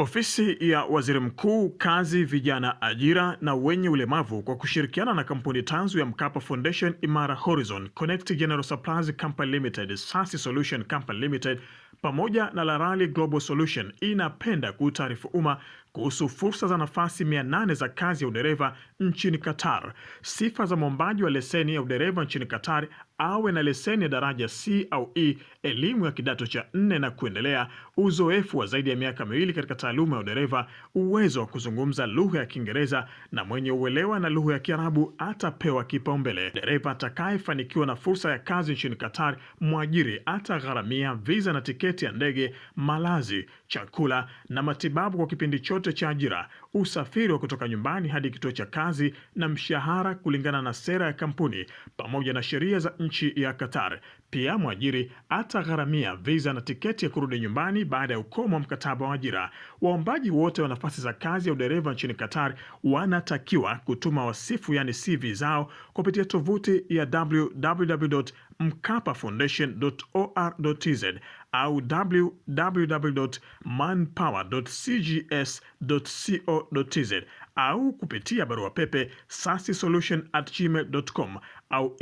Ofisi ya Waziri Mkuu, Kazi, Vijana, Ajira na Wenye Ulemavu kwa kushirikiana na kampuni tanzu ya Mkapa Foundation, Imara Horizon, Connect General Supplies Company Limited, Sasi Solution Company Limited pamoja na Larali Global Solution inapenda kuutaarifu umma kuhusu fursa za nafasi 800 za kazi ya udereva nchini Qatar, sifa za mwombaji wa leseni ya udereva nchini Qatar awe na leseni ya daraja C au E, elimu ya kidato cha nne na kuendelea, uzoefu wa zaidi ya miaka miwili katika taaluma ya udereva, uwezo wa kuzungumza lugha ya Kiingereza na mwenye uelewa na lugha ya Kiarabu atapewa kipaumbele. Dereva atakayefanikiwa na fursa ya kazi nchini Qatar, mwajiri atagharamia visa na tiketi ya ndege, malazi, chakula na matibabu kwa kipindi chote cha ajira usafiri wa kutoka nyumbani hadi kituo cha kazi na mshahara kulingana na sera ya kampuni pamoja na sheria za nchi ya Qatar. Pia mwajiri atagharamia viza na tiketi ya kurudi nyumbani baada ya ukomo wa mkataba wa ajira. Waombaji wote wa nafasi za kazi ya udereva nchini Qatar wanatakiwa kutuma wasifu, yani CV zao kupitia tovuti ya www mkapafoundation.or.tz au www.manpower.cgs.co.tz au kupitia barua pepe at sasisolution@gmail.com au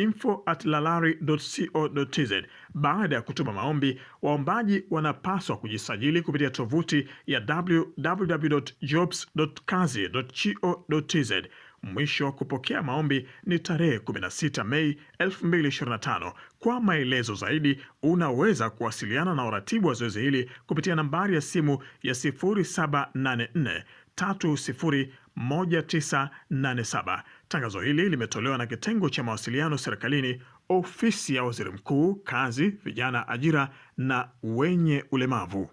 tz Baada ya kutuma maombi, waombaji wanapaswa kujisajili kupitia tovuti ya tz Mwisho wa kupokea maombi ni tarehe 16 Mei 2025. Kwa maelezo zaidi, unaweza kuwasiliana na uratibu wa zoezi hili kupitia nambari ya simu ya 0784 301987. Tangazo hili limetolewa na kitengo cha mawasiliano serikalini, ofisi ya waziri mkuu, kazi, vijana, ajira na wenye ulemavu.